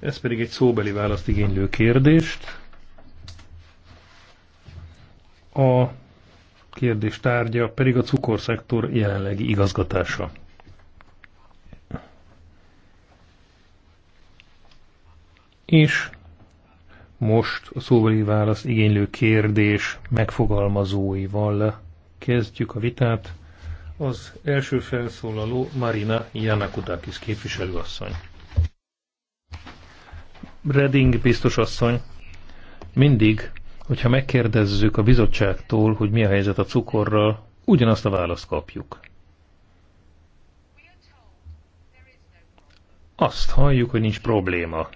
Ez pedig egy szóbeli választ igénylő kérdést. A kérdés tárgya pedig a cukorszektor jelenlegi igazgatása. És most a szóbeli válasz igénylő kérdés megfogalmazóival kezdjük a vitát. Az első felszólaló Marina Janakutakis képviselőasszony. Reding biztos asszony, mindig, hogyha megkérdezzük a bizottságtól, hogy mi a helyzet a cukorral, ugyanazt a választ kapjuk. Azt halljuk, hogy nincs probléma.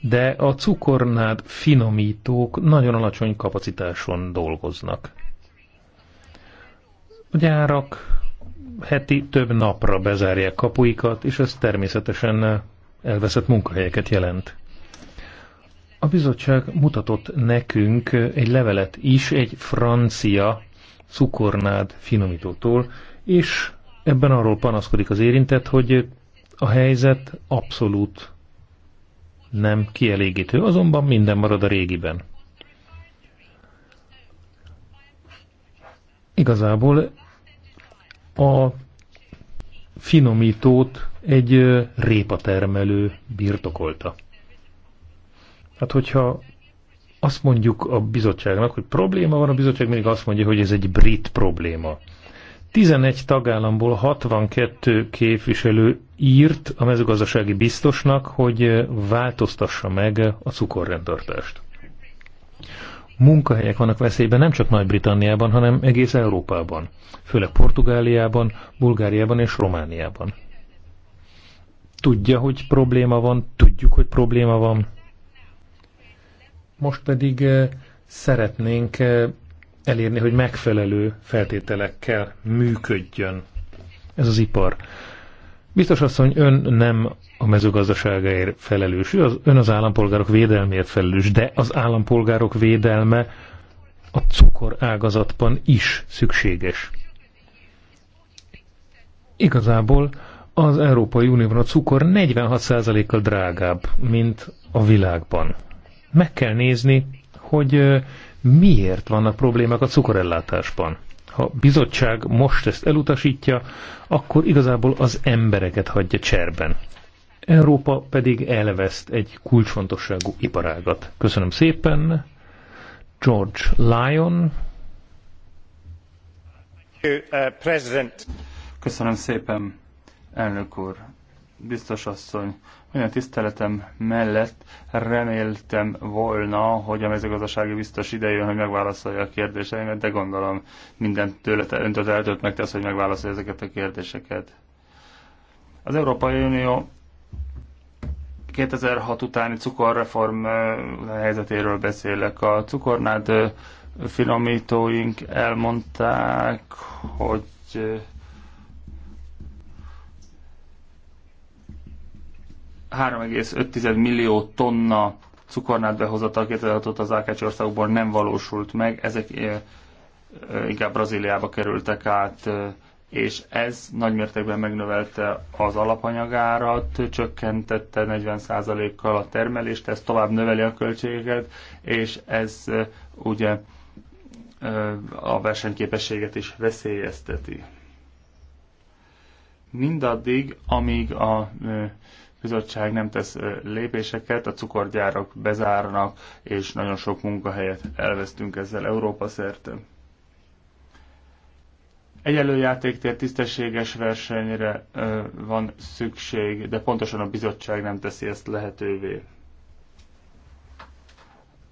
De a cukornád finomítók nagyon alacsony kapacitáson dolgoznak. A gyárak heti több napra bezárják kapuikat, és ez természetesen elveszett munkahelyeket jelent. A bizottság mutatott nekünk egy levelet is egy francia cukornád finomítótól, és ebben arról panaszkodik az érintett, hogy a helyzet abszolút nem kielégítő, azonban minden marad a régiben. Igazából a finomítót egy répatermelő birtokolta. Hát hogyha azt mondjuk a bizottságnak, hogy probléma van, a bizottság mindig azt mondja, hogy ez egy brit probléma. 11 tagállamból 62 képviselő írt a mezőgazdasági biztosnak, hogy változtassa meg a cukorrendtartást munkahelyek vannak veszélyben nem csak Nagy-Britanniában, hanem egész Európában, főleg Portugáliában, Bulgáriában és Romániában. Tudja, hogy probléma van, tudjuk, hogy probléma van. Most pedig eh, szeretnénk eh, elérni, hogy megfelelő feltételekkel működjön ez az ipar. Biztos asszony, ön nem a mezőgazdaságáért felelős, az, ön az állampolgárok védelméért felelős, de az állampolgárok védelme a cukor ágazatban is szükséges. Igazából az Európai Unióban a cukor 46%-kal drágább, mint a világban. Meg kell nézni, hogy miért vannak problémák a cukorellátásban ha bizottság most ezt elutasítja, akkor igazából az embereket hagyja cserben. Európa pedig elveszt egy kulcsfontosságú iparágat. Köszönöm szépen. George Lyon. Köszönöm szépen, elnök úr, biztos asszony. Minden tiszteletem mellett reméltem volna, hogy a mezőgazdasági biztos idejön, hogy megválaszolja a kérdéseimet, de gondolom minden tőle, öntől eltölt megtesz, hogy megválaszolja ezeket a kérdéseket. Az Európai Unió 2006 utáni cukorreform eh, helyzetéről beszélek. A cukornád eh, finomítóink elmondták, hogy eh, 3,5 millió tonna cukornát behozatal 2006 az Ákács országokból nem valósult meg, ezek eh, eh, inkább Brazíliába kerültek át, eh, és ez nagymértékben megnövelte az alapanyagárat, csökkentette 40%-kal a termelést, ez tovább növeli a költségeket, és ez ugye a versenyképességet is veszélyezteti mindaddig, amíg a bizottság nem tesz lépéseket, a cukorgyárak bezárnak, és nagyon sok munkahelyet elvesztünk ezzel Európa szerte. Egyelő játéktér tisztességes versenyre van szükség, de pontosan a bizottság nem teszi ezt lehetővé.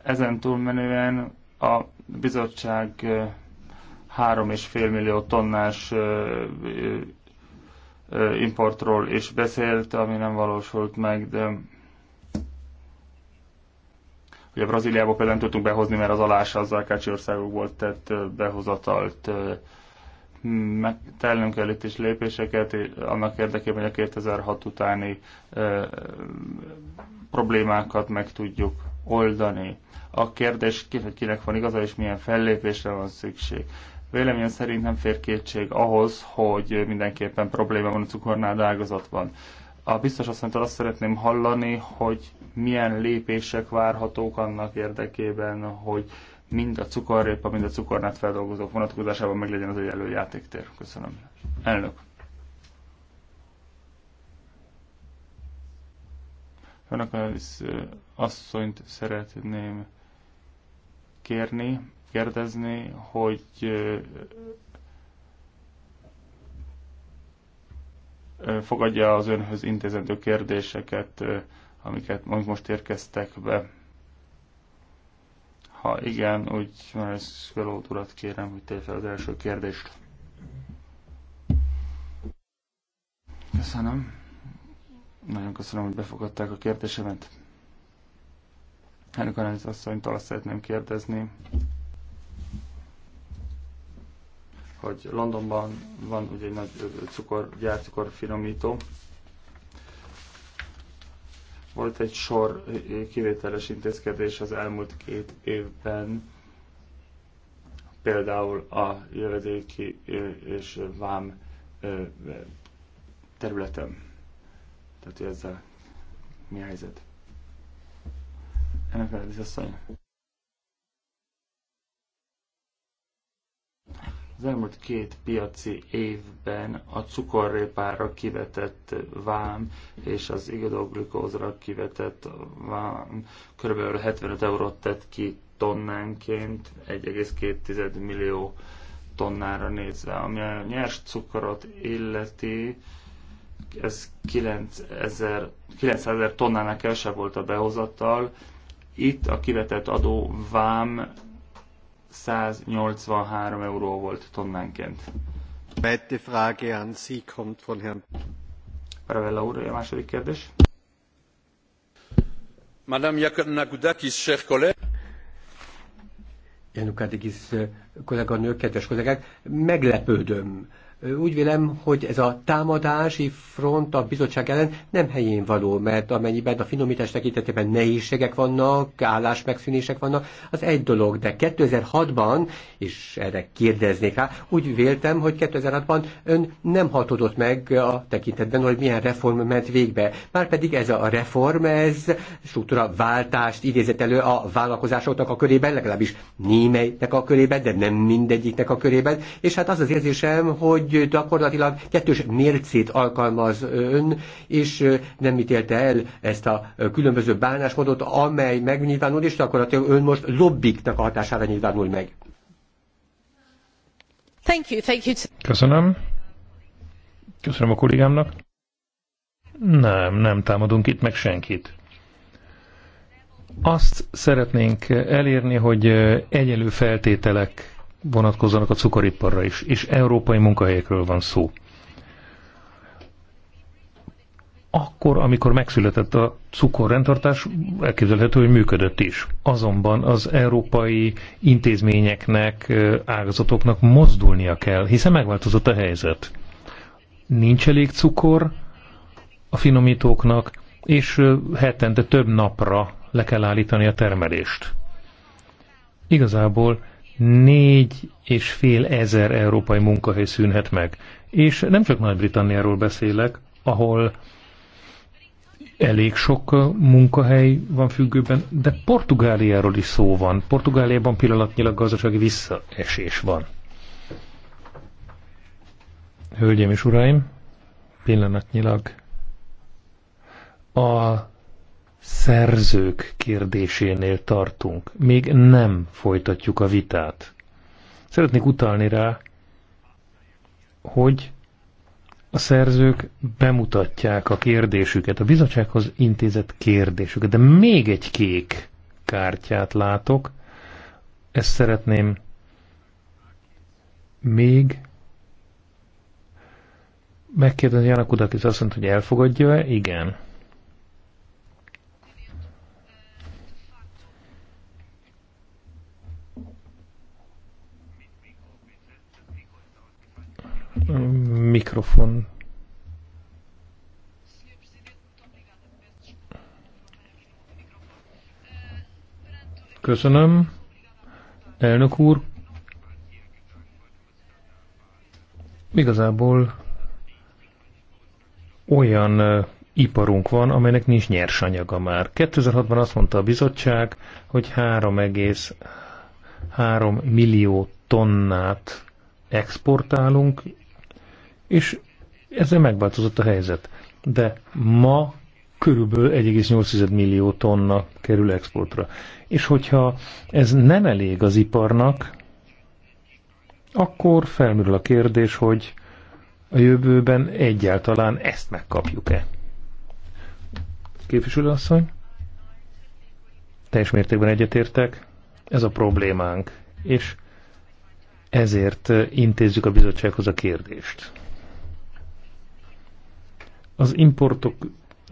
Ezen túlmenően a bizottság 3,5 millió tonnás importról is beszélt, ami nem valósult meg, de ugye Brazíliába például nem tudtunk behozni, mert az alás az Ákácsi országokból tett behozatalt meg el kell itt is lépéseket, annak érdekében, hogy a 2006 utáni problémákat meg tudjuk oldani. A kérdés, kinek van igaza, és milyen fellépésre van szükség. Véleményem szerint nem fér kétség ahhoz, hogy mindenképpen probléma van a cukornád ágazatban. A biztos asszonytól azt szeretném hallani, hogy milyen lépések várhatók annak érdekében, hogy mind a cukorrépa, mind a cukornát feldolgozók vonatkozásában meglegyen az egyenlő játéktér. Köszönöm. Elnök. Önök az asszonyt szeretném kérni, kérdezni, hogy fogadja az önhöz intézendő kérdéseket, amiket most érkeztek be. Ha igen, úgy már ezt urat kérem, hogy tegye fel az első kérdést. Köszönöm. Nagyon köszönöm, hogy befogadták a kérdésemet. Elnök Aranyi asszonytól azt szeretném kérdezni, hogy Londonban van ugye egy nagy gyárcukor finomító. Volt egy sor kivételes intézkedés az elmúlt két évben, például a jövedéki és vám területen. Tehát ezzel mi a helyzet? Ennek a Az elmúlt két piaci évben a cukorrépára kivetett vám és az igodoglükózra kivetett vám kb. 75 eurót tett ki tonnánként 1,2 millió tonnára nézve. Ami a nyers cukorot illeti, ez 9000, 900 ezer tonnának kevesebb volt a behozattal. Itt a kivetett adó vám 183 euró volt tonnánként. Zweite Frage an Sie kommt von Herrn Paravella úr, a második kérdés. Madame Yakunakudakis, chers collègues. Janukadikis eh, kolléganő, kedves kollégák, meglepődöm úgy vélem, hogy ez a támadási front a bizottság ellen nem helyén való, mert amennyiben a finomítás tekintetében nehézségek vannak, állásmegszűnések vannak, az egy dolog, de 2006-ban, és erre kérdeznék rá, úgy véltem, hogy 2006-ban ön nem hatodott meg a tekintetben, hogy milyen reform ment végbe. Márpedig ez a reform, ez struktúra váltást idézett elő a vállalkozásoknak a körében, legalábbis némelynek a körében, de nem mindegyiknek a körében, és hát az az érzésem, hogy hogy gyakorlatilag kettős mércét alkalmaz ön, és nem ítélte el ezt a különböző bánásmódot, amely megnyilvánul, és gyakorlatilag ön most lobbiknak a hatására nyilvánul meg. Thank you, thank you. Köszönöm. Köszönöm a kollégámnak. Nem, nem támadunk itt meg senkit. Azt szeretnénk elérni, hogy egyenlő feltételek vonatkozzanak a cukoriparra is, és európai munkahelyekről van szó. Akkor, amikor megszületett a cukorrendtartás, elképzelhető, hogy működött is. Azonban az európai intézményeknek, ágazatoknak mozdulnia kell, hiszen megváltozott a helyzet. Nincs elég cukor a finomítóknak, és hetente több napra le kell állítani a termelést. Igazából négy és fél ezer európai munkahely szűnhet meg. És nem csak Nagy-Britanniáról beszélek, ahol elég sok munkahely van függőben, de Portugáliáról is szó van. Portugáliában pillanatnyilag gazdasági visszaesés van. Hölgyeim és uraim, pillanatnyilag a szerzők kérdésénél tartunk. Még nem folytatjuk a vitát. Szeretnék utalni rá, hogy a szerzők bemutatják a kérdésüket, a bizottsághoz intézett kérdésüket, de még egy kék kártyát látok, ezt szeretném még megkérdezni Jana Kudakis azt mondta, hogy elfogadja-e? Igen. Mikrofon. Köszönöm. Elnök úr, igazából olyan iparunk van, amelynek nincs nyersanyaga már. 2006-ban azt mondta a bizottság, hogy 3,3 millió tonnát exportálunk, és ezzel megváltozott a helyzet. De ma körülbelül 1,8 millió tonna kerül exportra. És hogyha ez nem elég az iparnak, akkor felmerül a kérdés, hogy a jövőben egyáltalán ezt megkapjuk-e. asszony, Teljes mértékben egyetértek. Ez a problémánk. És ezért intézzük a bizottsághoz a kérdést. Az importok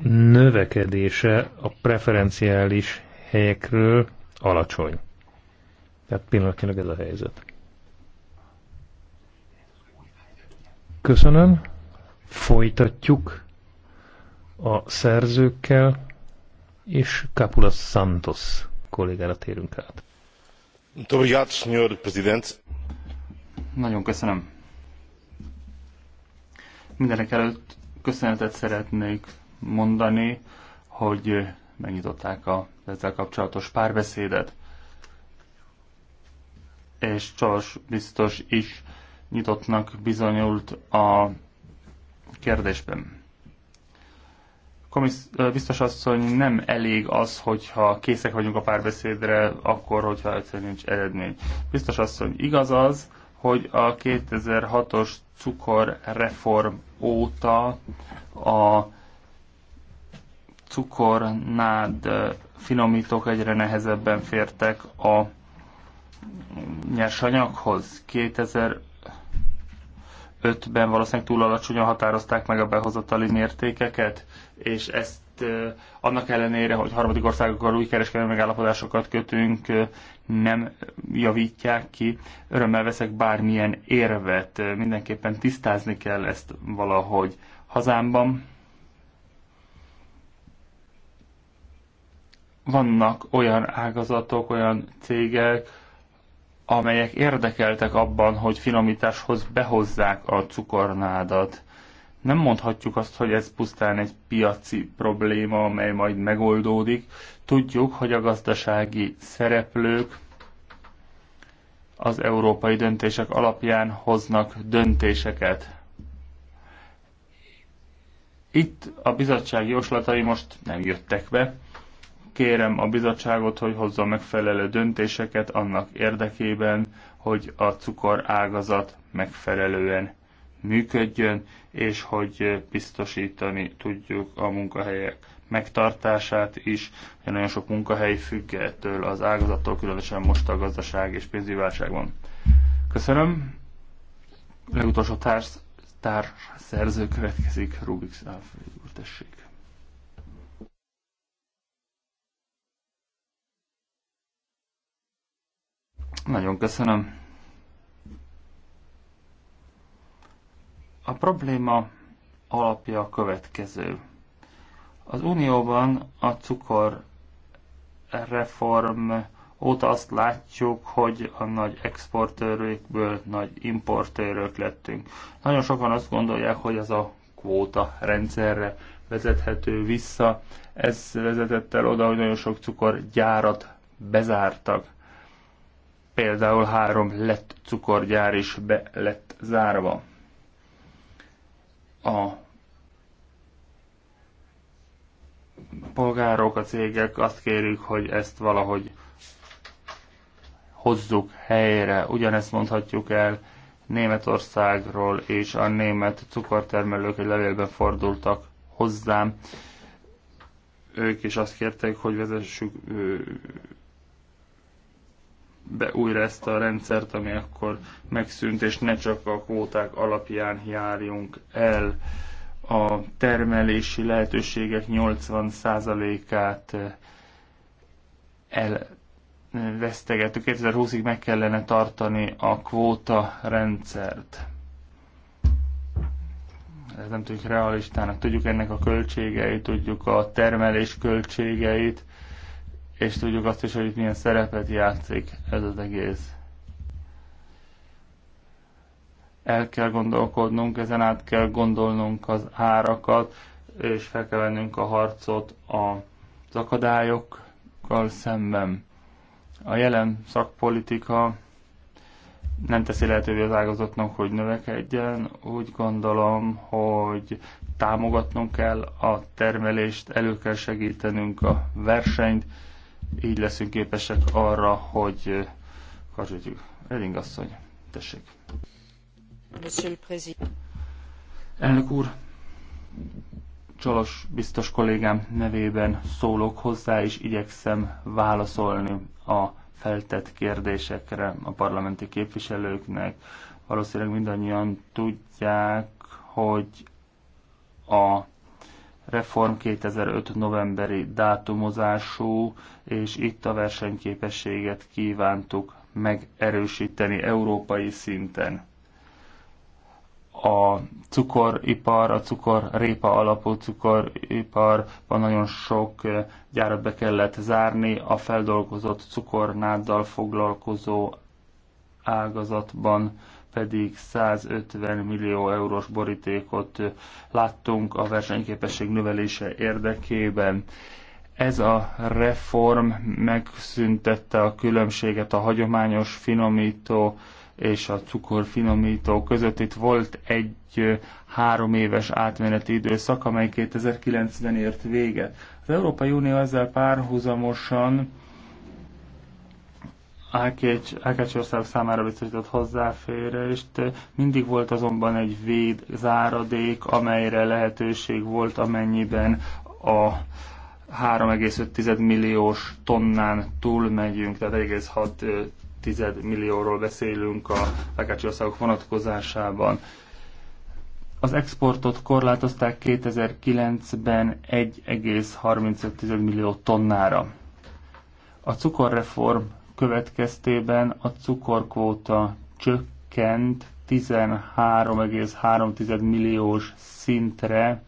növekedése a preferenciális helyekről alacsony. Tehát pillanatnyilag ez a helyzet. Köszönöm. Folytatjuk a szerzőkkel, és Capula Santos kollégára térünk át. Nagyon köszönöm. Mindenek előtt köszönetet szeretnék mondani, hogy megnyitották a ezzel kapcsolatos párbeszédet. És Csalas biztos is nyitottnak bizonyult a kérdésben. Komisz, biztos asszony, nem elég az, hogyha készek vagyunk a párbeszédre, akkor, hogyha egyszerűen nincs eredmény. Biztos asszony, igaz az, hogy a 2006-os cukorreform óta a cukornád finomítók egyre nehezebben fértek a nyersanyaghoz. 2005-ben valószínűleg túl alacsonyan határozták meg a behozatali mértékeket, és ezt annak ellenére, hogy harmadik országokkal új kereskedelmi megállapodásokat kötünk, nem javítják ki. Örömmel veszek bármilyen érvet, mindenképpen tisztázni kell ezt valahogy hazámban. Vannak olyan ágazatok, olyan cégek, amelyek érdekeltek abban, hogy finomításhoz behozzák a cukornádat. Nem mondhatjuk azt, hogy ez pusztán egy piaci probléma, amely majd megoldódik. Tudjuk, hogy a gazdasági szereplők az európai döntések alapján hoznak döntéseket. Itt a bizottság jóslatai most nem jöttek be kérem a bizottságot, hogy hozza megfelelő döntéseket annak érdekében, hogy a cukor ágazat megfelelően működjön, és hogy biztosítani tudjuk a munkahelyek megtartását is, nagyon sok munkahely függ ettől az ágazattól, különösen most a gazdaság és pénzügyválságban. Köszönöm. Legutolsó társ, társ szerző következik, Rubik úr, tessék. Nagyon köszönöm. A probléma alapja a következő. Az Unióban a cukor reform óta azt látjuk, hogy a nagy exportőrökből nagy importőrök lettünk. Nagyon sokan azt gondolják, hogy ez a kvóta rendszerre vezethető vissza. Ez vezetett el oda, hogy nagyon sok cukor gyárat bezártak például három lett cukorgyár is be lett zárva. A polgárok, a cégek azt kérjük, hogy ezt valahogy hozzuk helyre. Ugyanezt mondhatjuk el Németországról, és a német cukortermelők egy levélben fordultak hozzám. Ők is azt kérték, hogy vezessük be újra ezt a rendszert, ami akkor megszűnt, és ne csak a kvóták alapján járjunk el a termelési lehetőségek 80%-át elvesztegettük. 2020-ig meg kellene tartani a kvóta rendszert. Ez nem tudjuk realistának, tudjuk ennek a költségeit, tudjuk a termelés költségeit, és tudjuk azt is, hogy itt milyen szerepet játszik ez az egész. El kell gondolkodnunk, ezen át kell gondolnunk az árakat, és fel kell vennünk a harcot az akadályokkal szemben. A jelen szakpolitika nem teszi lehetővé az ágazatnak, hogy növekedjen. Úgy gondolom, hogy támogatnunk kell a termelést, elő kell segítenünk a versenyt, így leszünk képesek arra, hogy karzsítjuk. Eling asszony, tessék. Monsieur le Président. Elnök úr, Csalos biztos kollégám nevében szólok hozzá, és igyekszem válaszolni a feltett kérdésekre a parlamenti képviselőknek. Valószínűleg mindannyian tudják, hogy a reform 2005 novemberi dátumozású, és itt a versenyképességet kívántuk megerősíteni európai szinten. A cukoripar, a cukorrépa alapú cukoriparban nagyon sok gyárat be kellett zárni, a feldolgozott cukornáddal foglalkozó ágazatban pedig 150 millió eurós borítékot láttunk a versenyképesség növelése érdekében. Ez a reform megszüntette a különbséget a hagyományos finomító és a cukorfinomító között. Itt volt egy három éves átmeneti időszak, amely 2009-ben ért véget. Az Európai Unió ezzel párhuzamosan Ákács ország számára biztosított hozzáférést. Mindig volt azonban egy véd záradék, amelyre lehetőség volt, amennyiben a 3,5 milliós tonnán túl megyünk, tehát 1,6 millióról beszélünk a Ákácsi országok vonatkozásában. Az exportot korlátozták 2009-ben 1,35 millió tonnára. A cukorreform következtében a cukorkvóta csökkent 13,3 milliós szintre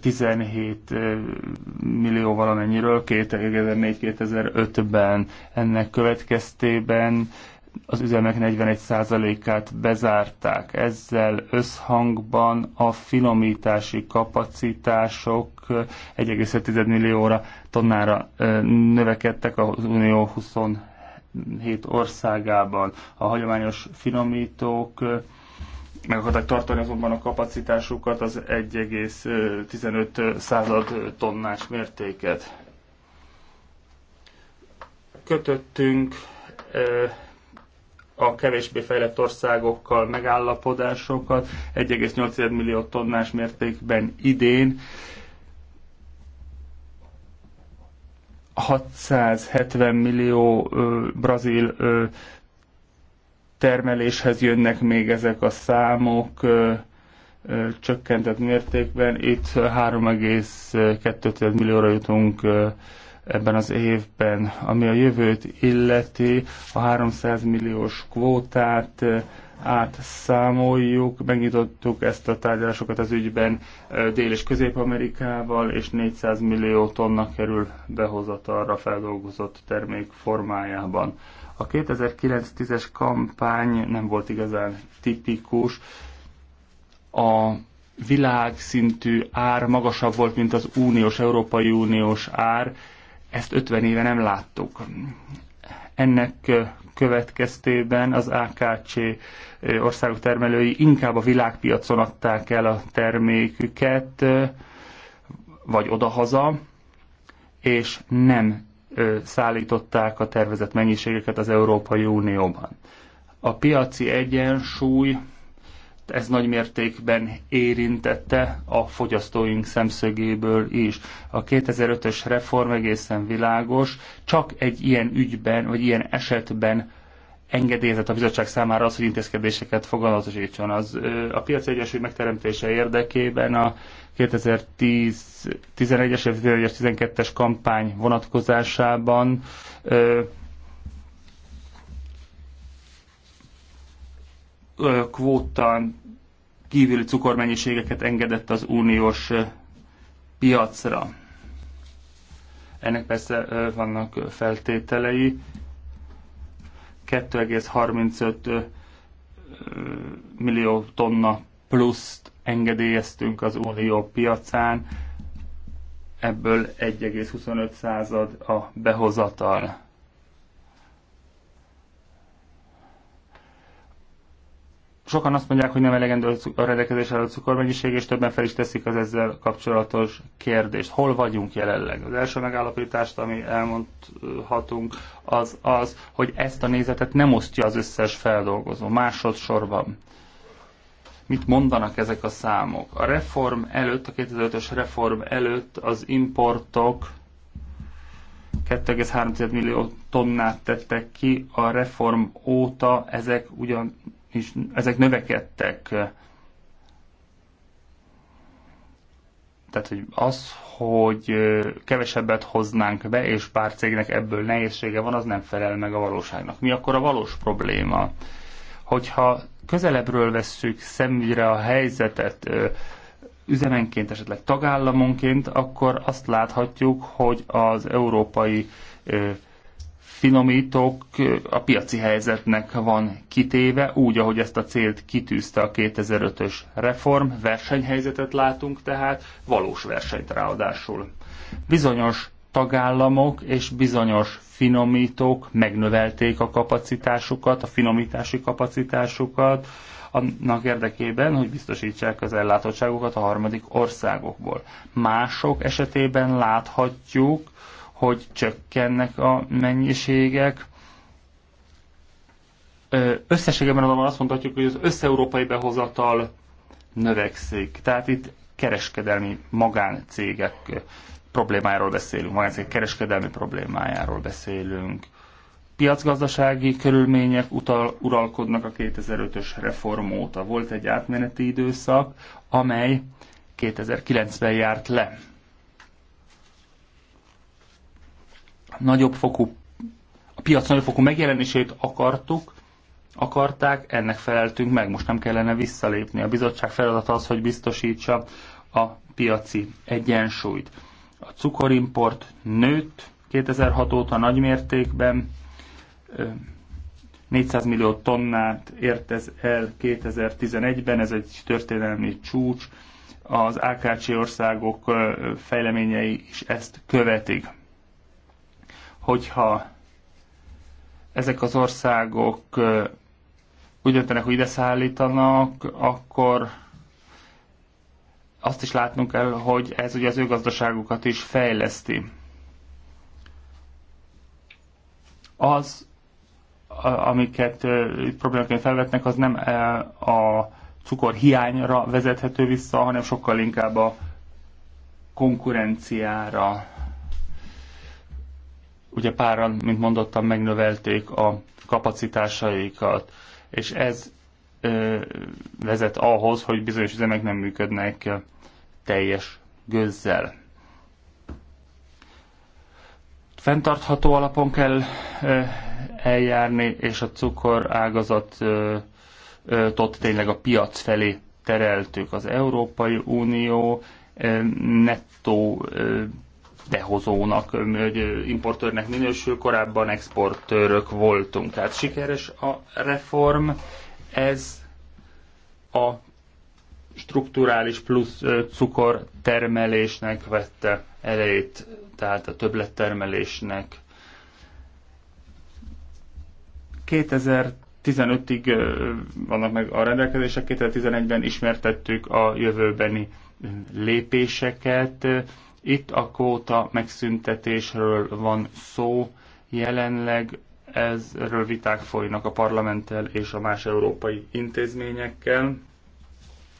17 millió valamennyiről 2004-2005-ben. Ennek következtében az üzemek 41%-át bezárták. Ezzel összhangban a finomítási kapacitások 1,7 millióra tonnára növekedtek az Unió 27 országában. A hagyományos finomítók meg akarták tartani azonban a kapacitásukat az 1,15 század tonnás mértéket. Kötöttünk a kevésbé fejlett országokkal megállapodásokat 1,8 millió tonnás mértékben idén. 670 millió ö, brazil ö, termeléshez jönnek még ezek a számok ö, ö, csökkentett mértékben. Itt 3,2 millióra jutunk ö, ebben az évben. Ami a jövőt illeti, a 300 milliós kvótát eh, átszámoljuk, megnyitottuk ezt a tárgyalásokat az ügyben eh, Dél- és Közép-Amerikával, és 400 millió tonna kerül behozatalra feldolgozott termék formájában. A 2009-10-es kampány nem volt igazán tipikus. A világszintű ár magasabb volt, mint az uniós, Európai Uniós ár, ezt 50 éve nem láttuk. Ennek következtében az AKC országok termelői inkább a világpiacon adták el a terméküket, vagy odahaza, és nem szállították a tervezett mennyiségeket az Európai Unióban. A piaci egyensúly ez nagy mértékben érintette a fogyasztóink szemszögéből is. A 2005-ös reform egészen világos, csak egy ilyen ügyben, vagy ilyen esetben engedélyezett a bizottság számára az, hogy intézkedéseket fogalmatosítson. Az, a piaci egyensúly megteremtése érdekében a 2010-11-es, 2012 es kampány vonatkozásában kvótán kívüli cukormennyiségeket engedett az uniós piacra. Ennek persze vannak feltételei. 2,35 millió tonna pluszt engedélyeztünk az unió piacán, ebből 1,25 század a behozatal. sokan azt mondják, hogy nem elegendő a rendelkezés a cukormennyiség, és többen fel is teszik az ezzel kapcsolatos kérdést. Hol vagyunk jelenleg? Az első megállapítást, ami elmondhatunk, az az, hogy ezt a nézetet nem osztja az összes feldolgozó. Másodszorban mit mondanak ezek a számok? A reform előtt, a 2005-ös reform előtt az importok 2,3 millió tonnát tettek ki, a reform óta ezek ugyan és ezek növekedtek. Tehát, hogy az, hogy kevesebbet hoznánk be, és pár cégnek ebből nehézsége van, az nem felel meg a valóságnak. Mi akkor a valós probléma? Hogyha közelebbről vesszük szemügyre a helyzetet, üzemenként, esetleg tagállamonként, akkor azt láthatjuk, hogy az európai finomítók a piaci helyzetnek van kitéve, úgy, ahogy ezt a célt kitűzte a 2005-ös reform. Versenyhelyzetet látunk tehát, valós versenyt ráadásul. Bizonyos tagállamok és bizonyos finomítók megnövelték a kapacitásukat, a finomítási kapacitásukat, annak érdekében, hogy biztosítsák az ellátottságokat a harmadik országokból. Mások esetében láthatjuk, hogy csökkennek a mennyiségek. Összességében azonban azt mondhatjuk, hogy az összeurópai behozatal növekszik. Tehát itt kereskedelmi magáncégek problémájáról beszélünk, magáncégek kereskedelmi problémájáról beszélünk. Piacgazdasági körülmények utal, uralkodnak a 2005-ös reform óta. Volt egy átmeneti időszak, amely 2009-ben járt le. nagyobb fokú, a piac nagyobb fokú megjelenését akartuk, akarták, ennek feleltünk meg, most nem kellene visszalépni. A bizottság feladata az, hogy biztosítsa a piaci egyensúlyt. A cukorimport nőtt 2006 óta nagymértékben, 400 millió tonnát ért ez el 2011-ben, ez egy történelmi csúcs, az AKC országok fejleményei is ezt követik hogyha ezek az országok úgy döntenek, hogy ide szállítanak, akkor azt is látnunk kell, hogy ez ugye az ő gazdaságukat is fejleszti. Az, amiket problémaként felvetnek, az nem a cukor hiányra vezethető vissza, hanem sokkal inkább a konkurenciára ugye páran, mint mondottam, megnövelték a kapacitásaikat, és ez ö, vezet ahhoz, hogy bizonyos üzemek nem működnek teljes gőzzel. Fentartható alapon kell ö, eljárni, és a cukor ágazatot tényleg a piac felé tereltük. Az Európai Unió nettó behozónak, importőrnek minősül, korábban exportőrök voltunk. Tehát sikeres a reform, ez a strukturális plusz cukortermelésnek vette elejét, tehát a többlettermelésnek. 2015-ig vannak meg a rendelkezések, 2011-ben ismertettük a jövőbeni lépéseket, itt a kvóta megszüntetésről van szó, jelenleg ezről viták folynak a parlamenttel és a más európai intézményekkel.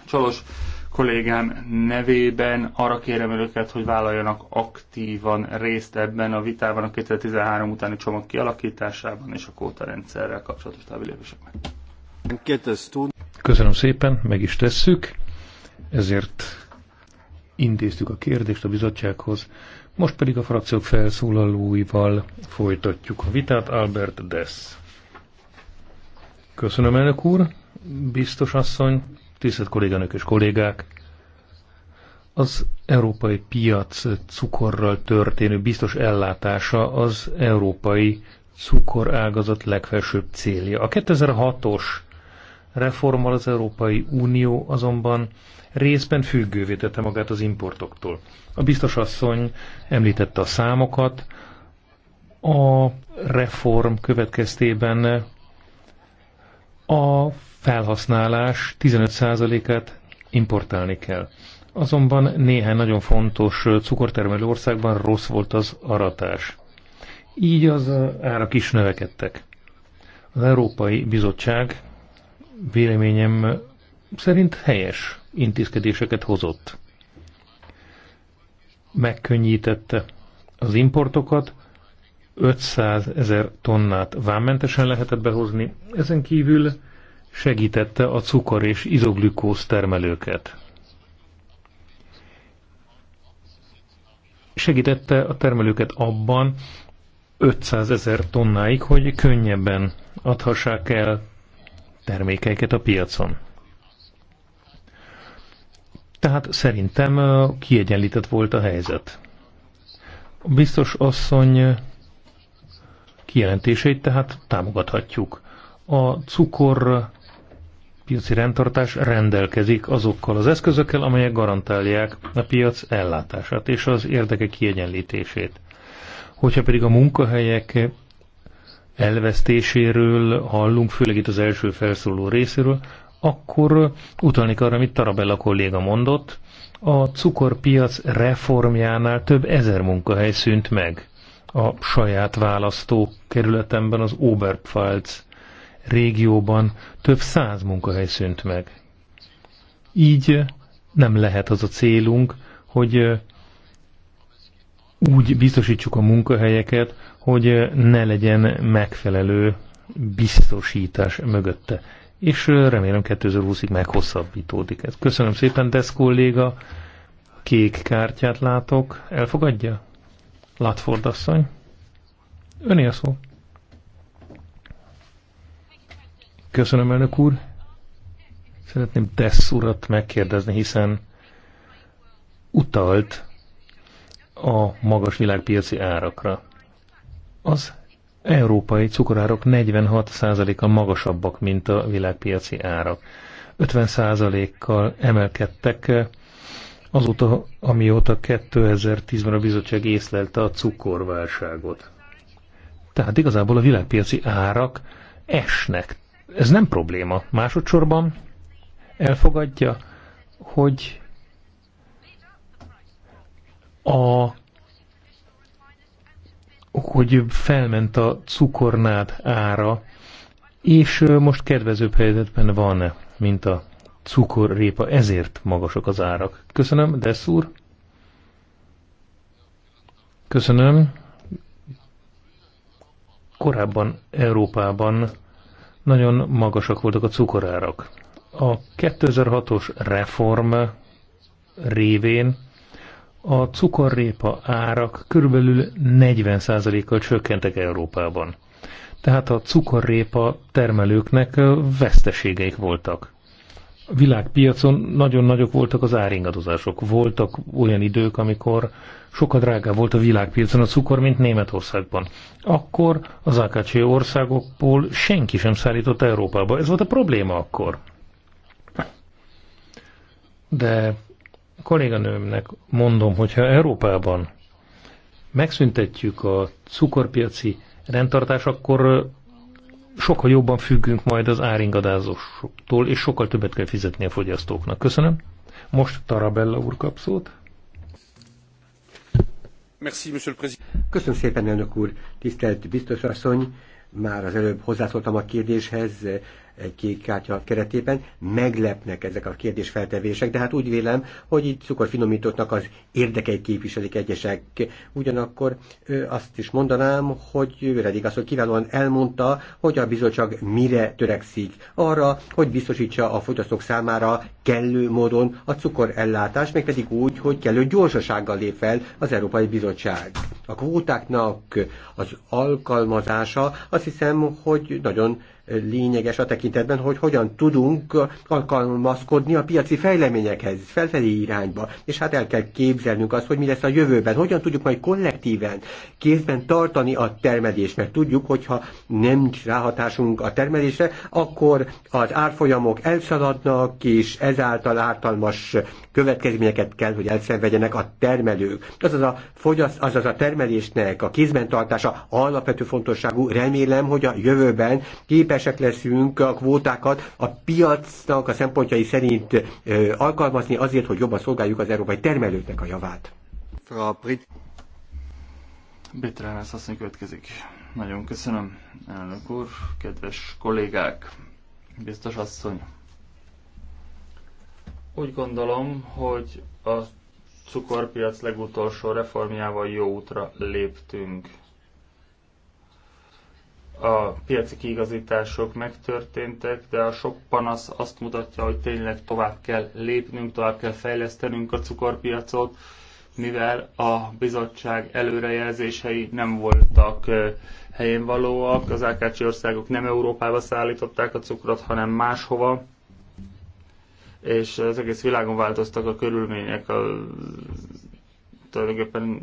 Csolos kollégám nevében arra kérem önöket, hogy vállaljanak aktívan részt ebben a vitában a 2013 utáni csomag kialakításában és a kóta rendszerrel kapcsolatos távilépésekben. Köszönöm szépen, meg is tesszük, ezért intéztük a kérdést a bizottsághoz, most pedig a frakciók felszólalóival folytatjuk a vitát. Albert Dess. Köszönöm, elnök úr, biztos asszony, tisztelt kolléganők és kollégák. Az európai piac cukorral történő biztos ellátása az európai cukorágazat legfelsőbb célja. A 2006-os reformmal az Európai Unió azonban részben függővé tette magát az importoktól. A biztos asszony említette a számokat, a reform következtében a felhasználás 15%-át importálni kell. Azonban néhány nagyon fontos cukortermelő országban rossz volt az aratás. Így az árak is növekedtek. Az Európai Bizottság véleményem szerint helyes intézkedéseket hozott. Megkönnyítette az importokat, 500 ezer tonnát vámmentesen lehetett behozni, ezen kívül segítette a cukor és izoglükóz termelőket. Segítette a termelőket abban 500 ezer tonnáig, hogy könnyebben adhassák el termékeiket a piacon. Tehát szerintem kiegyenlített volt a helyzet. A biztos asszony kijelentéseit tehát támogathatjuk. A cukor piaci rendtartás rendelkezik azokkal az eszközökkel, amelyek garantálják a piac ellátását és az érdekek kiegyenlítését. Hogyha pedig a munkahelyek elvesztéséről hallunk, főleg itt az első felszóló részéről, akkor utalnék arra, amit Tarabella kolléga mondott, a cukorpiac reformjánál több ezer munkahely szűnt meg. A saját választó kerületemben, az Oberpfalz régióban több száz munkahely szűnt meg. Így nem lehet az a célunk, hogy úgy biztosítsuk a munkahelyeket, hogy ne legyen megfelelő biztosítás mögötte és remélem 2020-ig meghosszabbítódik ez. Köszönöm szépen, Desz kolléga, kék kártyát látok, elfogadja? Latford asszony, öné a szó. Köszönöm, elnök úr. Szeretném Desz urat megkérdezni, hiszen utalt a magas világpiaci árakra. Az európai cukorárok 46%-a magasabbak, mint a világpiaci árak. 50%-kal emelkedtek eh, azóta, amióta 2010-ben a bizottság észlelte a cukorválságot. Tehát igazából a világpiaci árak esnek. Ez nem probléma. Másodszorban elfogadja, hogy a hogy felment a cukornád ára, és most kedvezőbb helyzetben van, mint a cukorrépa, ezért magasok az árak. Köszönöm, Dessz Köszönöm. Korábban Európában nagyon magasak voltak a cukorárak. A 2006-os reform révén a cukorrépa árak körülbelül 40%-kal csökkentek Európában. Tehát a cukorrépa termelőknek veszteségeik voltak. A világpiacon nagyon nagyok voltak az áringadozások. Voltak olyan idők, amikor sokkal drágább volt a világpiacon a cukor, mint Németországban. Akkor az AKC országokból senki sem szállított Európába. Ez volt a probléma akkor. De kolléganőmnek mondom, hogyha Európában megszüntetjük a cukorpiaci rendtartás, akkor sokkal jobban függünk majd az áringadázoktól, és sokkal többet kell fizetni a fogyasztóknak. Köszönöm. Most Tarabella úr kap szót. Köszönöm szépen, elnök úr. Tisztelt biztosasszony, már az előbb hozzászóltam a kérdéshez, egy kék kártya keretében meglepnek ezek a kérdésfeltevések, de hát úgy vélem, hogy itt cukorfinomítóknak az érdekei képviselik egyesek. Ugyanakkor azt is mondanám, hogy Redig azt, hogy kiválóan elmondta, hogy a bizottság mire törekszik. Arra, hogy biztosítsa a fogyasztók számára kellő módon a cukorellátást, mégpedig úgy, hogy kellő gyorsasággal lép fel az Európai Bizottság. A kvótáknak az alkalmazása azt hiszem, hogy nagyon lényeges a tekintetben, hogy hogyan tudunk alkalmazkodni a piaci fejleményekhez, felfelé irányba. És hát el kell képzelnünk azt, hogy mi lesz a jövőben, hogyan tudjuk majd kollektíven kézben tartani a termelést, mert tudjuk, hogyha nem ráhatásunk a termelésre, akkor az árfolyamok elszaladnak, és ezáltal ártalmas következményeket kell, hogy elszenvedjenek a termelők. Azaz a, fogyaszt, azaz a termelésnek a kézben tartása alapvető fontosságú, remélem, hogy a jövőben képes képesek leszünk a kvótákat a piacnak a szempontjai szerint alkalmazni azért, hogy jobban szolgáljuk az európai termelőknek a javát. A brit... Bitrán ezt aztán következik. Nagyon köszönöm, elnök úr, kedves kollégák, biztos asszony. Úgy gondolom, hogy a cukorpiac legutolsó reformjával jó útra léptünk a piaci kiigazítások megtörténtek, de a sok panasz azt mutatja, hogy tényleg tovább kell lépnünk, tovább kell fejlesztenünk a cukorpiacot, mivel a bizottság előrejelzései nem voltak helyén valóak. Az Ákácsi országok nem Európába szállították a cukrot, hanem máshova, és az egész világon változtak a körülmények. A, tulajdonképpen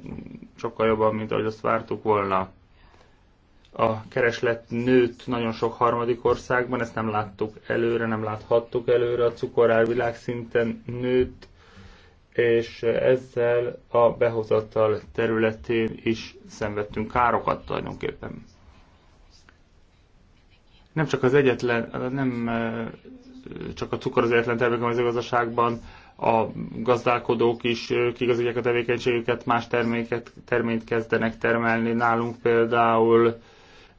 sokkal jobban, mint ahogy azt vártuk volna a kereslet nőtt nagyon sok harmadik országban, ezt nem láttuk előre, nem láthattuk előre, a cukorár világszinten nőtt, és ezzel a behozatal területén is szenvedtünk károkat tulajdonképpen. Nem csak az egyetlen, nem eh, csak a cukor az egyetlen termék a mezőgazdaságban, a gazdálkodók is eh, kigazítják a tevékenységüket, más terméket, terményt kezdenek termelni. Nálunk például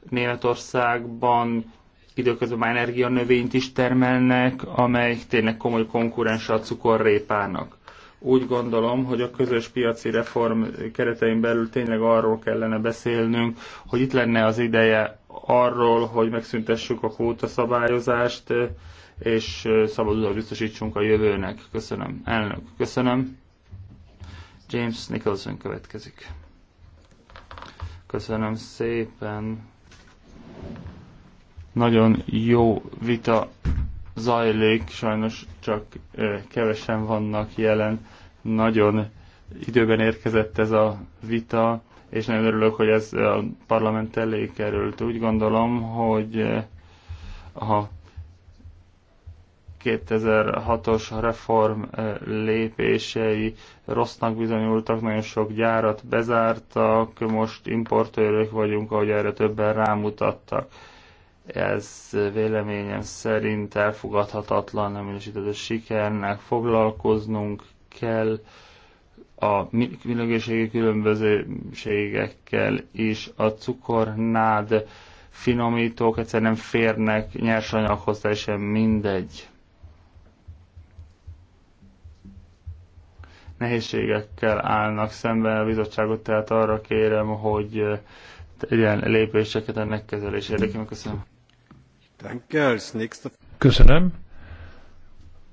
Németországban időközben már energianövényt is termelnek, amely tényleg komoly konkurens a cukorrépának. Úgy gondolom, hogy a közös piaci reform keretein belül tényleg arról kellene beszélnünk, hogy itt lenne az ideje arról, hogy megszüntessük a kóta szabályozást, és szabadulat biztosítsunk a jövőnek. Köszönöm. Elnök, köszönöm. James Nicholson következik. Köszönöm szépen. Nagyon jó vita zajlik, sajnos csak kevesen vannak jelen. Nagyon időben érkezett ez a vita, és nagyon örülök, hogy ez a parlament elé került. Úgy gondolom, hogy ha 2006-os reform eh, lépései rossznak bizonyultak, nagyon sok gyárat bezártak, most importőrök vagyunk, ahogy erre többen rámutattak. Ez véleményem szerint elfogadhatatlan, nem a sikernek, foglalkoznunk kell a minőségi különbözőségekkel is, a cukornád finomítók egyszerűen nem férnek nyersanyaghoz, teljesen mindegy. nehézségekkel állnak szemben a bizottságot, tehát arra kérem, hogy eh, tegyen lépéseket ennek kezelés érdekében. Köszönöm. Köszönöm.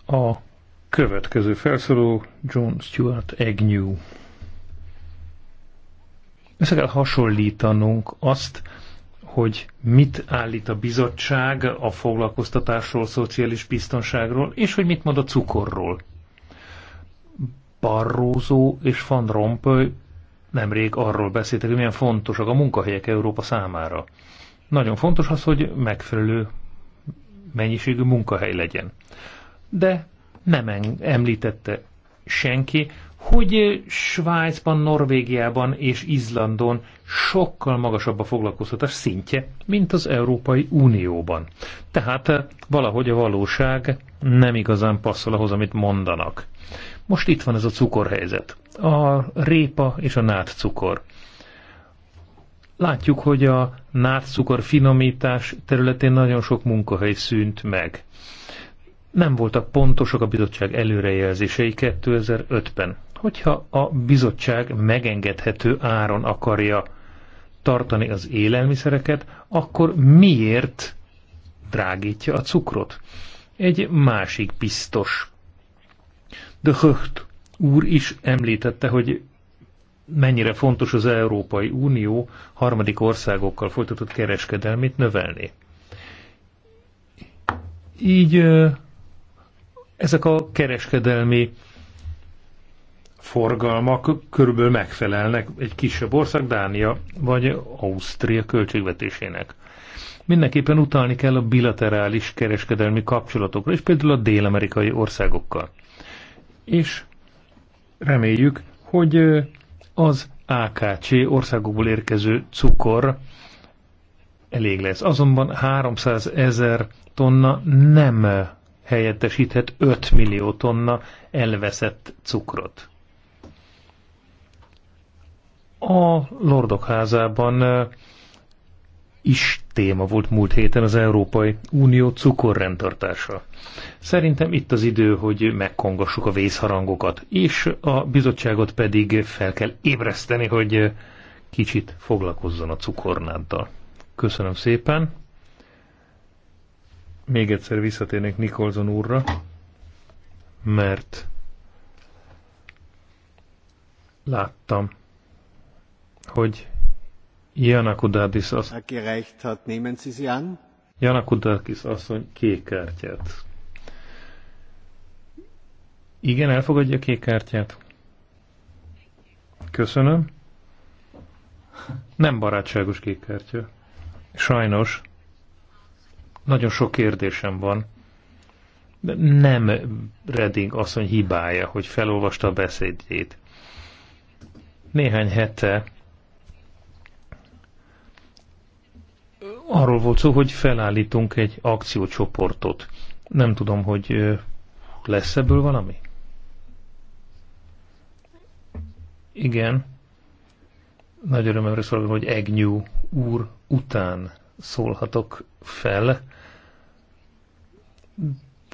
A következő felszóló John Stuart Agnew. Össze kell hasonlítanunk azt, hogy mit állít a bizottság a foglalkoztatásról, szociális biztonságról, és hogy mit mond a cukorról. Barroso és Van Rompuy nemrég arról beszéltek, hogy milyen fontosak a munkahelyek Európa számára. Nagyon fontos az, hogy megfelelő mennyiségű munkahely legyen. De nem említette senki, hogy Svájcban, Norvégiában és Izlandon sokkal magasabb a foglalkoztatás szintje, mint az Európai Unióban. Tehát valahogy a valóság nem igazán passzol ahhoz, amit mondanak. Most itt van ez a cukorhelyzet. A répa és a cukor. Látjuk, hogy a cukor finomítás területén nagyon sok munkahely szűnt meg. Nem voltak pontosak a bizottság előrejelzései 2005-ben. Hogyha a bizottság megengedhető áron akarja tartani az élelmiszereket, akkor miért drágítja a cukrot? Egy másik biztos de Höcht úr is említette, hogy mennyire fontos az Európai Unió harmadik országokkal folytatott kereskedelmét növelni. Így ezek a kereskedelmi forgalmak körülbelül megfelelnek egy kisebb ország, Dánia vagy Ausztria költségvetésének. Mindenképpen utalni kell a bilaterális kereskedelmi kapcsolatokra, és például a dél-amerikai országokkal és reméljük, hogy az AKC országokból érkező cukor elég lesz. Azonban 300 ezer tonna nem helyettesíthet 5 millió tonna elveszett cukrot. A Lordok házában is téma volt múlt héten az Európai Unió cukorrendtartása. Szerintem itt az idő, hogy megkongassuk a vészharangokat, és a bizottságot pedig fel kell ébreszteni, hogy kicsit foglalkozzon a cukornáddal. Köszönöm szépen. Még egyszer visszatérnék Nikolson úrra, mert láttam, hogy Janakudadis asszony. Janakudakis asszony kék kártyát. Igen, elfogadja a kék kártyát. Köszönöm. Nem barátságos kék kártya. Sajnos. Nagyon sok kérdésem van. De nem Redding asszony hibája, hogy felolvasta a beszédjét. Néhány hete arról volt szó, hogy felállítunk egy akciócsoportot. Nem tudom, hogy lesz ebből valami? Igen. Nagy örömömre szolgálom, hogy Egnyú úr után szólhatok fel,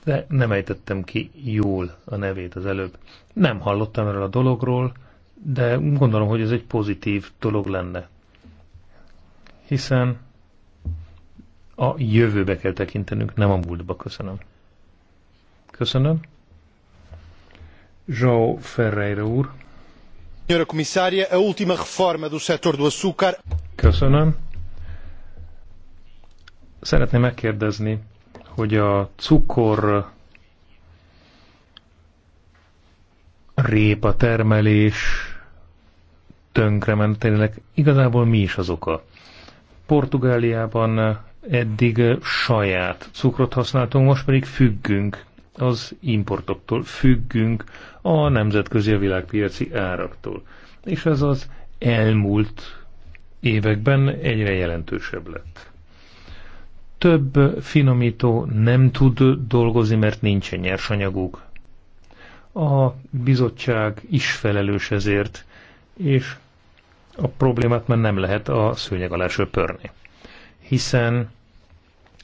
de nem ejtettem ki jól a nevét az előbb. Nem hallottam erről a dologról, de gondolom, hogy ez egy pozitív dolog lenne. Hiszen a jövőbe kell tekintenünk, nem a múltba. Köszönöm. Köszönöm. João Ferreira úr. Senhora Comissária, a última reforma do setor do açúcar. Köszönöm. Szeretném megkérdezni, hogy a cukor répa termelés tönkrementének igazából mi is az oka? Portugáliában eddig saját cukrot használtunk, most pedig függünk az importoktól, függünk a nemzetközi a világpiaci áraktól. És ez az elmúlt években egyre jelentősebb lett. Több finomító nem tud dolgozni, mert nincsen nyersanyaguk. A bizottság is felelős ezért, és a problémát már nem lehet a szőnyeg alá söpörni hiszen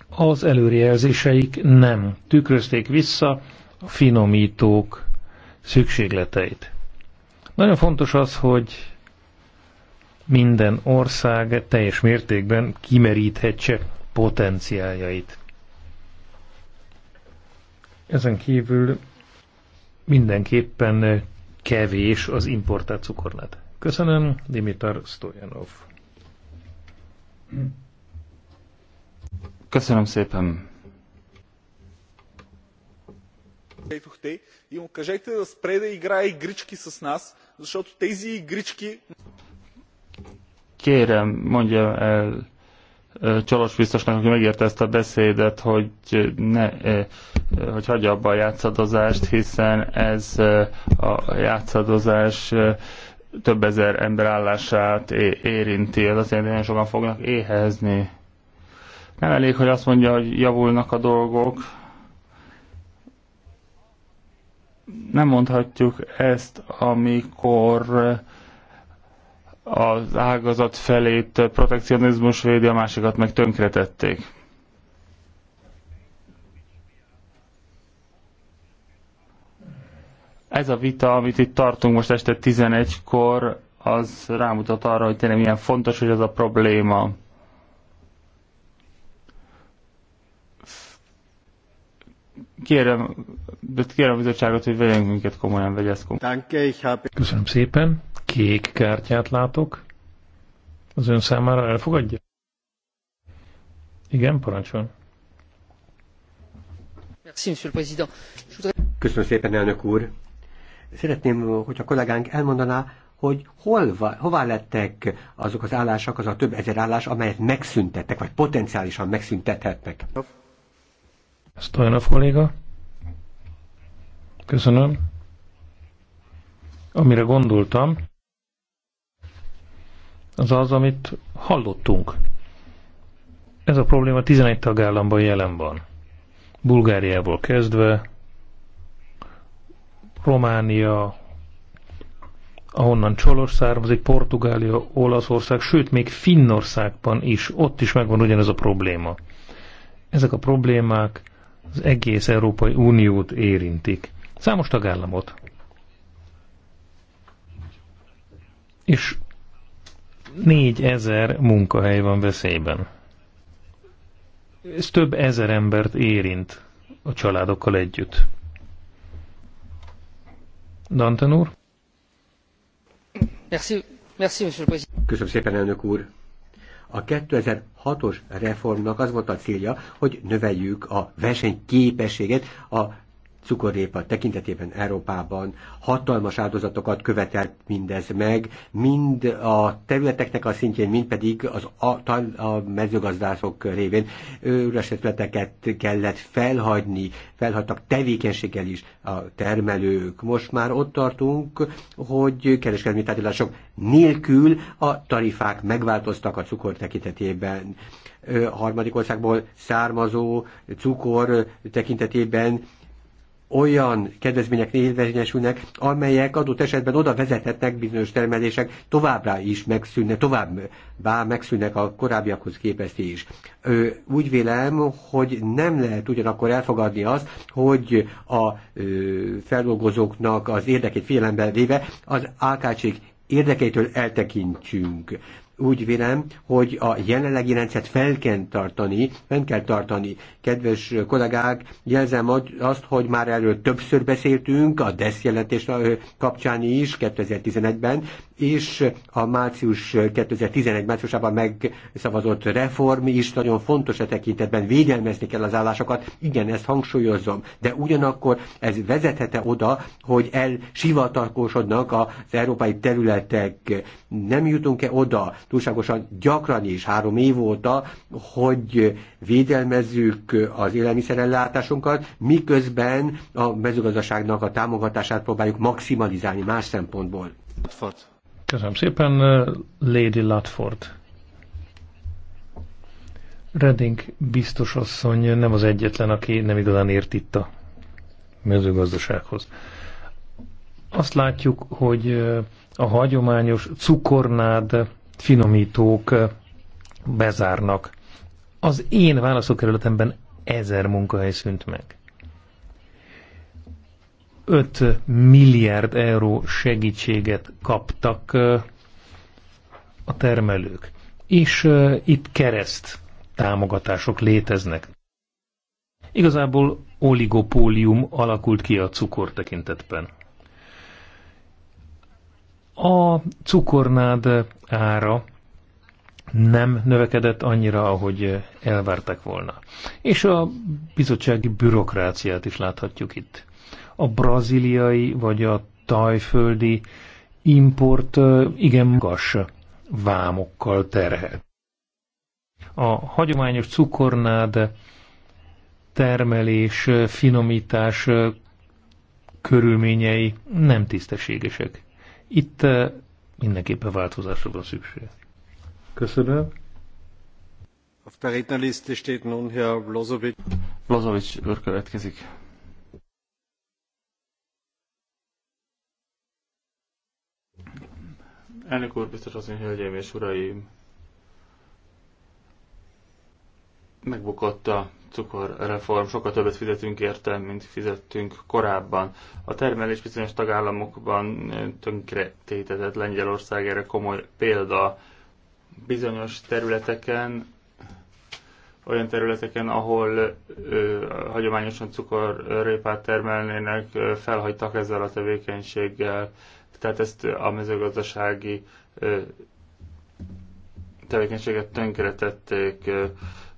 az előrejelzéseik nem tükrözték vissza a finomítók szükségleteit. Nagyon fontos az, hogy minden ország teljes mértékben kimeríthetse potenciáljait. Ezen kívül mindenképpen kevés az importált cukorlát. Köszönöm, Dimitar Stojanov. Mm. Köszönöm szépen. и му кажете да спре да играе игрички с нас, защото тези игрички... Kérem, mondja el Csolos biztosnak, aki megérte ezt a beszédet, hogy, ne, hogy hagyja abba a játszadozást, hiszen ez a játszadozás több ezer ember állását érinti. Ez azt jelenti, hogy nagyon sokan fognak éhezni. Nem elég, hogy azt mondja, hogy javulnak a dolgok. Nem mondhatjuk ezt, amikor az ágazat felét protekcionizmus védi, a másikat meg tönkretették. Ez a vita, amit itt tartunk most este 11-kor, az rámutat arra, hogy tényleg milyen fontos, hogy ez a probléma. kérem, de kérem a bizottságot, hogy vegyünk minket komolyan, vegy ezt komolyan. Köszönöm szépen. Kék kártyát látok. Az ön számára elfogadja? Igen, parancsoljon. Köszönöm szépen, elnök úr. Szeretném, hogy a kollégánk elmondaná, hogy hol, hová lettek azok az állások, az a több ezer állás, amelyet megszüntettek, vagy potenciálisan megszüntethetnek. Stojanov kolléga. Köszönöm. Amire gondoltam, az az, amit hallottunk. Ez a probléma 11 tagállamban jelen van. Bulgáriából kezdve, Románia, ahonnan Csolos származik, Portugália, Olaszország, sőt még Finnországban is, ott is megvan ugyanez a probléma. Ezek a problémák az egész Európai Uniót érintik. Számos tagállamot. És 4000 munkahely van veszélyben. Ez több ezer embert érint a családokkal együtt. Danten úr? Köszönöm szépen, elnök úr. A 2006-os reformnak az volt a célja, hogy növeljük a versenyképességet a cukorépa tekintetében Európában hatalmas áldozatokat követelt mindez meg, mind a területeknek a szintjén, mind pedig az a, a mezőgazdászok révén őres kellett felhagyni, felhagytak tevékenységgel is a termelők. Most már ott tartunk, hogy kereskedelmi tárgyalások nélkül a tarifák megváltoztak a cukor tekintetében harmadik országból származó cukor tekintetében olyan kedvezmények érvényesülnek, amelyek adott esetben oda vezethetnek bizonyos termelések, továbbra is megszűnne, továbbá megszűnnek a korábbiakhoz képest is. Úgy vélem, hogy nem lehet ugyanakkor elfogadni azt, hogy a feldolgozóknak az érdekét figyelembe véve az ákácsik érdekeitől eltekintsünk úgy vélem, hogy a jelenlegi rendszert fel kell tartani, fel kell tartani. Kedves kollégák, jelzem azt, hogy már erről többször beszéltünk, a DESZ jelentés kapcsán is 2011-ben, és a március 2011 márciusában megszavazott reform is nagyon fontos a e tekintetben védelmezni kell az állásokat. Igen, ezt hangsúlyozom, de ugyanakkor ez vezethete oda, hogy elsivatagosodnak az európai területek. Nem jutunk-e oda túlságosan gyakran is, három év óta, hogy védelmezzük az élelmiszerellátásunkat, miközben a mezőgazdaságnak a támogatását próbáljuk maximalizálni más szempontból. Ford. Köszönöm szépen, uh, Lady Latford. Redding biztos asszony nem az egyetlen, aki nem igazán ért itt a mezőgazdasághoz. Azt látjuk, hogy uh, a hagyományos cukornád finomítók uh, bezárnak. Az én válaszok ezer munkahely szűnt meg. 5 milliárd euró segítséget kaptak a termelők. És itt kereszt támogatások léteznek. Igazából oligopólium alakult ki a cukor tekintetben. A cukornád ára nem növekedett annyira, ahogy elvártak volna. És a bizottsági bürokráciát is láthatjuk itt a braziliai vagy a tajföldi import igen magas vámokkal terhel. A hagyományos cukornád termelés, finomítás körülményei nem tisztességesek. Itt mindenképpen változásra van szükség. Köszönöm. Auf der Rednerliste steht nun Herr Blozovic. Blozovic úr következik. Elnök úr, biztos az hogy hölgyeim és uraim, megbukott a cukorreform, sokkal többet fizetünk érte, mint fizettünk korábban. A termelés bizonyos tagállamokban tönkre tétetett Lengyelország erre komoly példa. Bizonyos területeken, olyan területeken, ahol ö, hagyományosan cukorrépát termelnének, felhagytak ezzel a tevékenységgel. Ö, tehát ezt a mezőgazdasági tevékenységet tönkretették.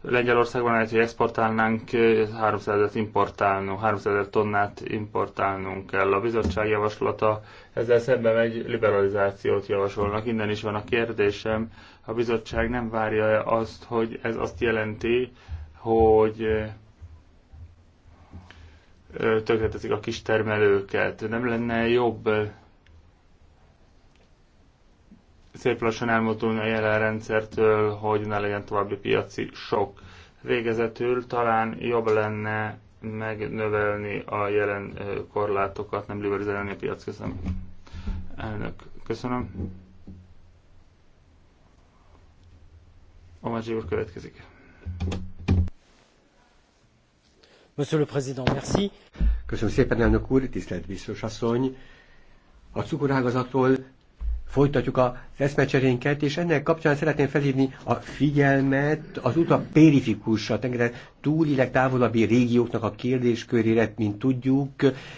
Lengyelországban lehet, hogy exportálnánk, 300 importálnunk, 300 tonnát importálnunk kell. A bizottság javaslata ezzel szemben egy liberalizációt javasolnak. Innen is van a kérdésem, a bizottság nem várja -e azt, hogy ez azt jelenti, hogy tönkretetik a kis termelőket. Nem lenne jobb szép lassan elmotulni a jelen rendszertől, hogy ne legyen további piaci sok. Végezetül talán jobb lenne megnövelni a jelen korlátokat, nem liberalizálni a piac. Köszönöm. Elnök, köszönöm. Omadzsi úr következik. Monsieur le Président, merci. Köszönöm szépen, elnök úr, tisztelt biztos asszony. A cukorágazatról folytatjuk a eszmecserénket, és ennek kapcsán szeretném felhívni a figyelmet az út a a tengeren túlileg távolabbi régióknak a kérdéskörére, mint tudjuk,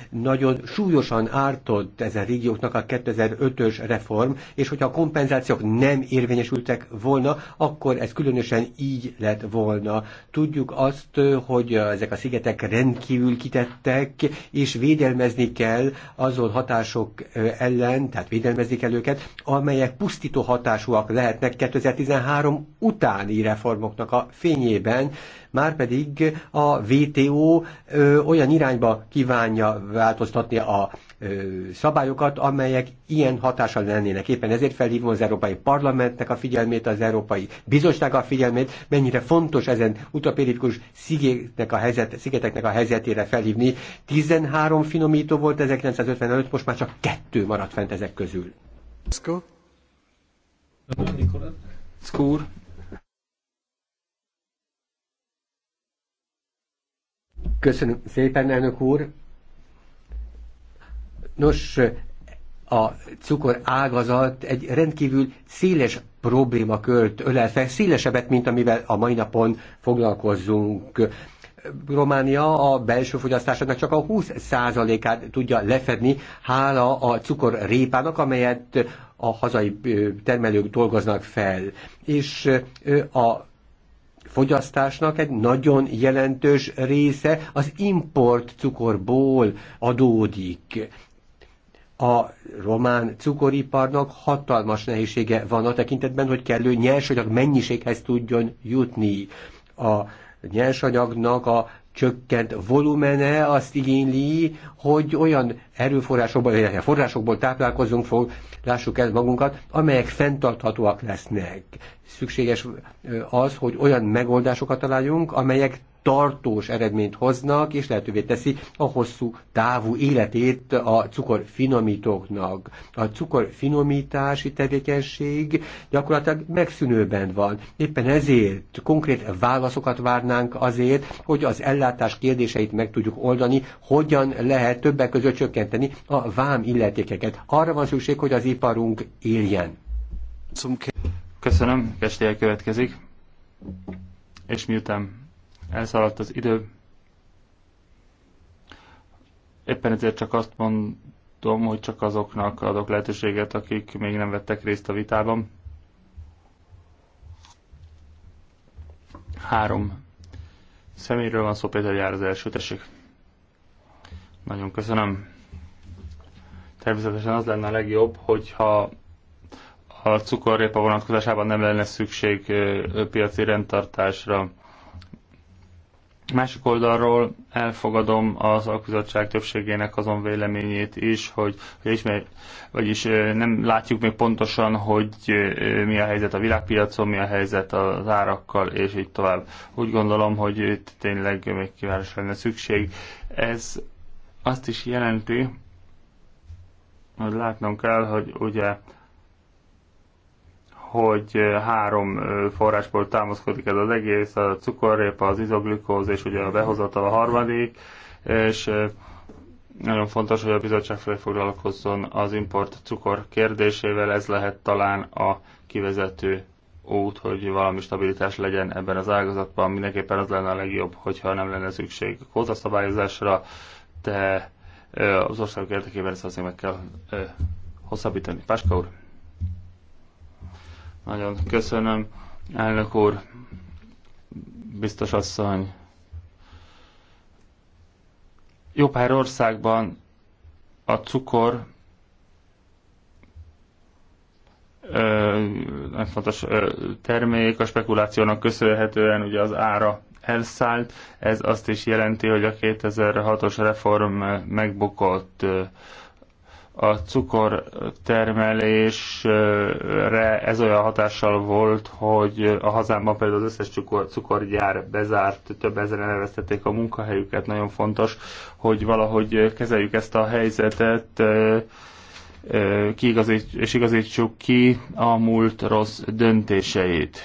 nagyon súlyosan ártott ezen régióknak a 2005-ös reform, és hogyha a kompenzációk nem érvényesültek volna, akkor ez különösen így lett volna. Tudjuk azt, hogy ezek a szigetek rendkívül kitettek, és védelmezni kell azon hatások ellen, tehát védelmezni kell őket, amelyek pusztító hatásúak lehetnek 2013 utáni reformoknak a fényében, márpedig a WTO ö, olyan irányba kívánja változtatni a szabályokat, amelyek ilyen hatással lennének. Éppen ezért felhívom az Európai Parlamentnek a figyelmét, az Európai Bizottság a figyelmét, mennyire fontos ezen utapérikus szigetnek a helyzet, szigeteknek a helyzetére felhívni. 13 finomító volt 1955, most már csak kettő maradt fent ezek közül. Skúr. Köszönöm szépen, elnök úr. Nos, a cukor ágazat egy rendkívül széles problémakört ölel fel, szélesebbet, mint amivel a mai napon foglalkozzunk Románia a belső fogyasztásának csak a 20%-át tudja lefedni, hála a cukorrépának, amelyet a hazai termelők dolgoznak fel. És a fogyasztásnak egy nagyon jelentős része az import cukorból adódik. A román cukoriparnak hatalmas nehézsége van a tekintetben, hogy kellő nyersanyag mennyiséghez tudjon jutni. A nyersanyagnak a csökkent volumene azt igényli, hogy olyan erőforrásokból, vagy forrásokból táplálkozunk, fog, lássuk el magunkat, amelyek fenntarthatóak lesznek. Szükséges az, hogy olyan megoldásokat találjunk, amelyek tartós eredményt hoznak, és lehetővé teszi a hosszú távú életét a cukorfinomítóknak. A cukorfinomítási tevékenység gyakorlatilag megszűnőben van. Éppen ezért konkrét válaszokat várnánk azért, hogy az ellátás kérdéseit meg tudjuk oldani, hogyan lehet többek között csökkenteni a vám illetékeket. Arra van szükség, hogy az iparunk éljen. Köszönöm, Kestél következik. És miután elszaladt az idő. Éppen ezért csak azt mondom, hogy csak azoknak adok lehetőséget, akik még nem vettek részt a vitában. Három személyről van szó, Péter jár az első, tessék. Nagyon köszönöm. Természetesen az lenne a legjobb, hogyha a cukorrépa vonatkozásában nem lenne szükség piaci rendtartásra. Másik oldalról elfogadom az alkotottság többségének azon véleményét is, hogy, hogy ismer, vagyis nem látjuk még pontosan, hogy mi a helyzet a világpiacon, mi a helyzet az árakkal, és így tovább. Úgy gondolom, hogy itt tényleg még kiváros lenne szükség. Ez azt is jelenti, hogy látnom kell, hogy ugye hogy három forrásból támaszkodik ez az egész, a cukorrépa, az izoglükóz és ugye a behozatal a harmadik, és nagyon fontos, hogy a bizottság felé foglalkozzon az import cukor kérdésével, ez lehet talán a kivezető út, hogy valami stabilitás legyen ebben az ágazatban. Mindenképpen az lenne a legjobb, hogyha nem lenne szükség kvótaszabályozásra, de az országok érdekében ezt azért meg kell hosszabbítani. Páska úr! Nagyon köszönöm, elnök úr, biztos asszony. Jó pár országban a cukor nagyon fontos ö, termék, a spekulációnak köszönhetően ugye az ára elszállt, ez azt is jelenti, hogy a 2006-os reform megbukott ö, a cukortermelésre ez olyan hatással volt, hogy a hazámban például az összes cukor, cukorgyár bezárt, több ezeren elvesztették a munkahelyüket, nagyon fontos, hogy valahogy kezeljük ezt a helyzetet, és igazítsuk ki a múlt rossz döntéseit.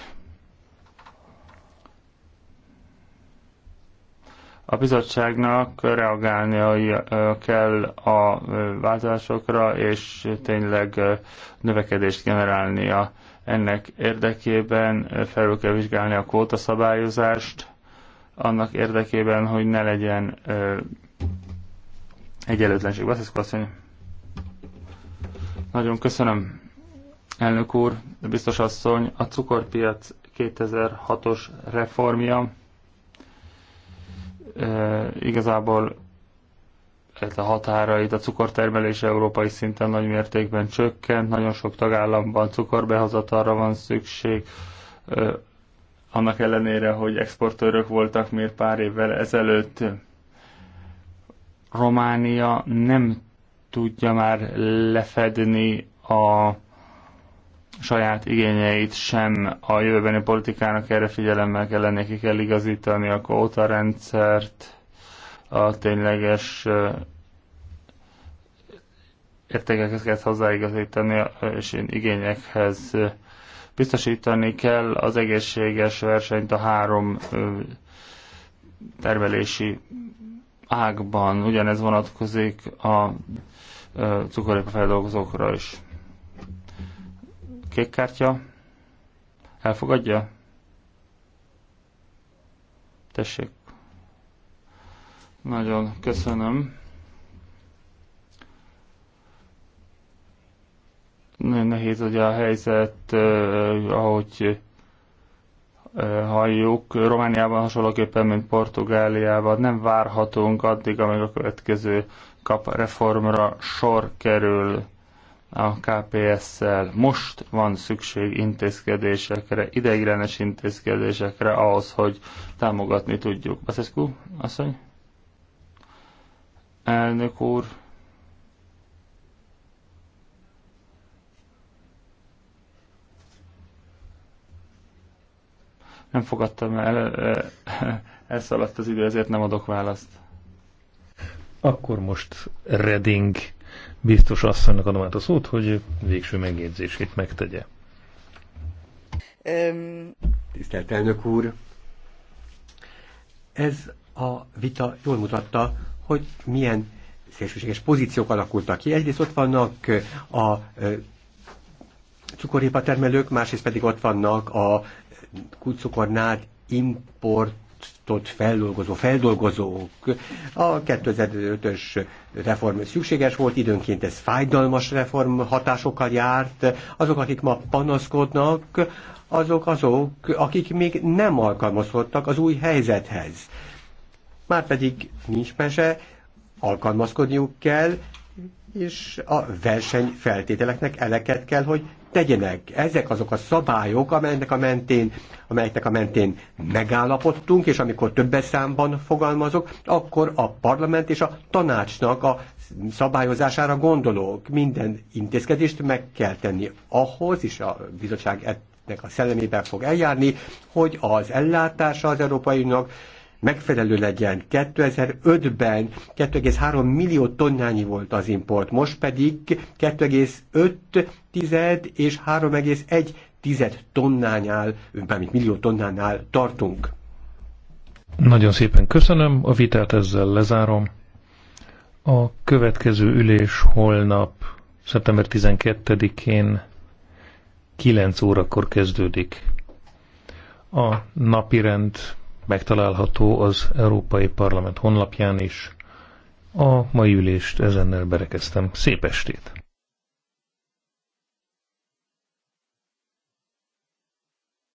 A bizottságnak reagálnia kell a változásokra, és tényleg növekedést generálnia. Ennek érdekében felül kell vizsgálni a kvótaszabályozást, annak érdekében, hogy ne legyen egyenlőtlenség. Vaszeszko nagyon köszönöm. Elnök úr, biztos asszony, a cukorpiac 2006-os reformja igazából a határait, a cukortermelés európai szinten nagy mértékben csökkent, nagyon sok tagállamban cukorbehozatalra van szükség, annak ellenére, hogy exportőrök voltak még pár évvel ezelőtt. Románia nem tudja már lefedni a saját igényeit sem a jövőbeni politikának erre figyelemmel kellene neki kell igazítani a kóta rendszert, a tényleges értékekhez kell hozzáigazítani és igényekhez biztosítani kell az egészséges versenyt a három termelési ágban. Ugyanez vonatkozik a cukorépa feldolgozókra is kék kártya. Elfogadja? Tessék. Nagyon köszönöm. Nagyon nehéz ugye a helyzet, ahogy halljuk. Romániában hasonlóképpen, mint Portugáliában nem várhatunk addig, amíg a következő kap reformra sor kerül a KPS-szel. Most van szükség intézkedésekre, ideiglenes intézkedésekre ahhoz, hogy támogatni tudjuk. Baszeszkú, asszony? Elnök úr, nem fogadtam el, elszaladt az idő, ezért nem adok választ. Akkor most Reding biztos asszonynak adom át a szót, hogy végső megjegyzését megtegye. Um... Tisztelt elnök úr! Ez a vita jól mutatta, hogy milyen szélsőséges pozíciók alakultak ki. Egyrészt ott vannak a cukorépa termelők, másrészt pedig ott vannak a kutcukornád import adatot feldolgozó, feldolgozók. A 2005-ös reform szükséges volt, időnként ez fájdalmas reform hatásokkal járt. Azok, akik ma panaszkodnak, azok azok, akik még nem alkalmazkodtak az új helyzethez. Márpedig nincs mese, alkalmazkodniuk kell, és a verseny feltételeknek eleket kell, hogy tegyenek. Ezek azok a szabályok, amelynek a mentén, amelyeknek a mentén megállapodtunk, és amikor többes számban fogalmazok, akkor a parlament és a tanácsnak a szabályozására gondolok. Minden intézkedést meg kell tenni ahhoz, és a bizottság ennek a szellemében fog eljárni, hogy az ellátása az Európai Uniónak megfelelő legyen. 2005-ben 2,3 millió tonnányi volt az import, most pedig 2,5 és 3,1 tized tonnánál, mármint millió tonnánál tartunk. Nagyon szépen köszönöm, a vitát ezzel lezárom. A következő ülés holnap, szeptember 12-én 9 órakor kezdődik. A napirend megtalálható az Európai Parlament honlapján is. A mai ülést ezennel berekeztem. Szép estét!